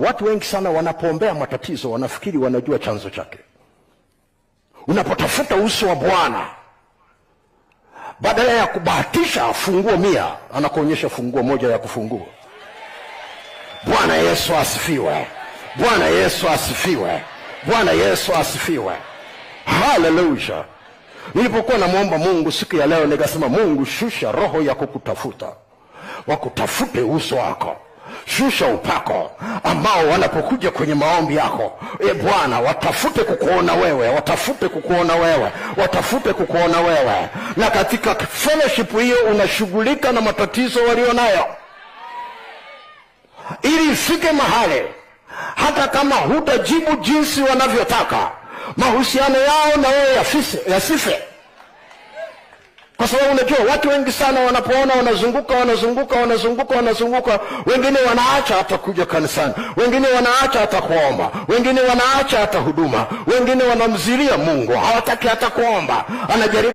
Watu wengi sana wanapoombea matatizo wanafikiri wanajua chanzo chake. Unapotafuta uso wa Bwana, badala ya kubahatisha funguo mia, anakuonyesha funguo moja ya kufungua. Bwana Yesu asifiwe! Bwana Yesu asifiwe! Bwana Yesu asifiwe! Haleluya! Nilipokuwa namwomba Mungu siku ya leo, nikasema Mungu, shusha roho ya kukutafuta, wakutafute uso wako shusha upako ambao wanapokuja kwenye maombi yako, e Bwana, watafute kukuona wewe, watafute kukuona wewe, watafute kukuona wewe. Na katika fellowship hiyo unashughulika na matatizo walionayo, ili ifike mahali hata kama hutajibu jinsi wanavyotaka, mahusiano yao na wewe yasife sababu unajua watu wengi sana wanapoona wanazunguka wanazunguka wanazunguka wanazunguka, wengine wanaacha hata kuja kanisani, wengine wanaacha hata kuomba, wengine wanaacha hata huduma, wengine wanamziria Mungu, hawataki hata kuomba, anajaribu